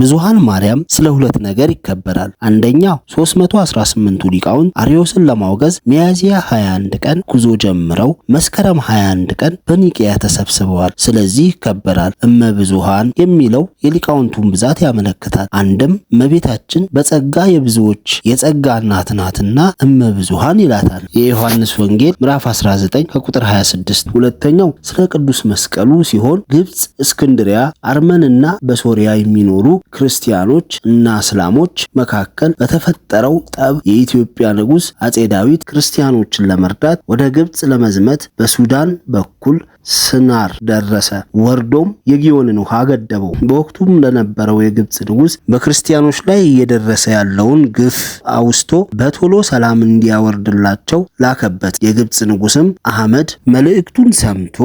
ብዙሃን ማርያም ስለ ሁለት ነገር ይከበራል። አንደኛው 318ቱ ሊቃውንት አርዮስን ለማውገዝ ሚያዚያ 21 ቀን ጉዞ ጀምረው መስከረም 21 ቀን በኒቅያ ተሰብስበዋል። ስለዚህ ይከበራል። እመ ብዙሃን የሚለው የሊቃውንቱን ብዛት ያመለክታል። አንድም እመቤታችን በጸጋ የብዙዎች የጸጋ እናት ናትና እመ ብዙሃን ይላታል። የዮሐንስ ወንጌል ምዕራፍ 19 ከቁጥር 26። ሁለተኛው ስለ ቅዱስ መስቀሉ ሲሆን ግብፅ፣ እስክንድሪያ፣ አርመንና በሶሪያ የሚኖሩ ክርስቲያኖች እና እስላሞች መካከል በተፈጠረው ጠብ የኢትዮጵያ ንጉሥ አጼ ዳዊት ክርስቲያኖችን ለመርዳት ወደ ግብፅ ለመዝመት በሱዳን በኩል ስናር ደረሰ። ወርዶም የጊዮንን ውሃ ገደበው። በወቅቱም ለነበረው የግብፅ ንጉሥ በክርስቲያኖች ላይ እየደረሰ ያለውን ግፍ አውስቶ በቶሎ ሰላም እንዲያወርድላቸው ላከበት። የግብፅ ንጉሥም አህመድ መልእክቱን ሰምቶ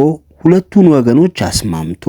ሁለቱን ወገኖች አስማምቶ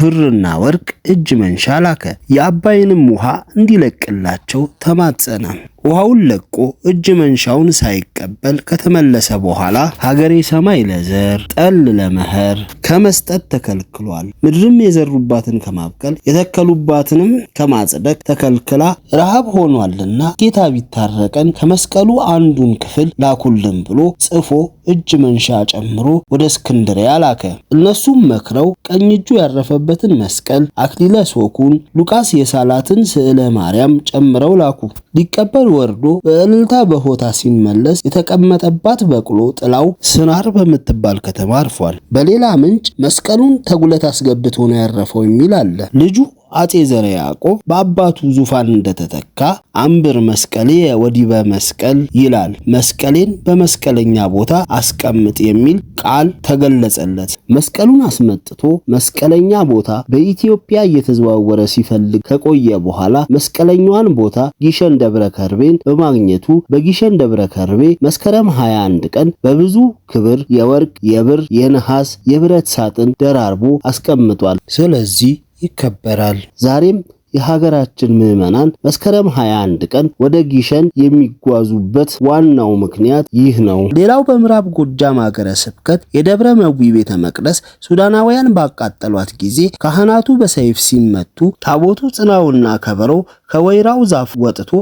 ብርና ወርቅ እጅ መንሻ ላከ። የአባይንም ውሃ እንዲለቅላቸው ተማጸነ። ውሃውን ለቆ እጅ መንሻውን ሳይቀበል ከተመለሰ በኋላ ሀገሬ ሰማይ ለዘር ጠል ለመኸር ከመስጠት ተከልክሏል፣ ምድርም የዘሩባትን ከማብቀል የተከሉባትንም ከማጽደቅ ተከልክላ ረሃብ ሆኗልና ጌታ ቢታረቀን ከመስቀሉ አንዱን ክፍል ላኩልን ብሎ ጽፎ እጅ መንሻ ጨምሮ ወደ እስክንድሪያ ላከ። እነሱም መክረው ቀኝ እጁ ያረፈ የተጻፈበትን መስቀል፣ አክሊለ ሶኩን፣ ሉቃስ የሳላትን ስዕለ ማርያም ጨምረው ላኩ። ሊቀበል ወርዶ በእልልታ በሆታ ሲመለስ የተቀመጠባት በቅሎ ጥላው ስናር በምትባል ከተማ አርፏል። በሌላ ምንጭ መስቀሉን ተጉለት አስገብቶ ነው ያረፈው የሚል አለ። ልጁ አጼ ዘረ ያዕቆብ በአባቱ ዙፋን እንደተተካ አንብር መስቀሌ ወዲበ መስቀል ይላል። መስቀሌን በመስቀለኛ ቦታ አስቀምጥ የሚል ቃል ተገለጸለት። መስቀሉን አስመጥቶ መስቀለኛ ቦታ በኢትዮጵያ እየተዘዋወረ ሲፈልግ ከቆየ በኋላ መስቀለኛዋን ቦታ ጊሸን ደብረ ከርቤን በማግኘቱ በጊሸን ደብረ ከርቤ መስከረም 21 ቀን በብዙ ክብር የወርቅ፣ የብር፣ የነሐስ፣ የብረት ሳጥን ደራርቦ አስቀምጧል። ስለዚህ ይከበራል። ዛሬም የሀገራችን ምዕመናን መስከረም 21 ቀን ወደ ጊሸን የሚጓዙበት ዋናው ምክንያት ይህ ነው። ሌላው በምዕራብ ጎጃም ሀገረ ስብከት የደብረ መዊ ቤተ መቅደስ ሱዳናውያን ባቃጠሏት ጊዜ ካህናቱ በሰይፍ ሲመቱ ታቦቱ ጽናውና ከበሮ ከወይራው ዛፍ ወጥቶ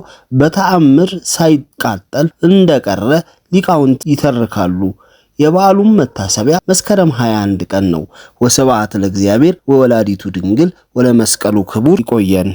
በተአምር ሳይቃጠል እንደቀረ ሊቃውንት ይተርካሉ። የበዓሉም መታሰቢያ መስከረም 21 ቀን ነው። ወስብሐት ለእግዚአብሔር ወወላዲቱ ድንግል ወለመስቀሉ ክቡር። ይቆየን።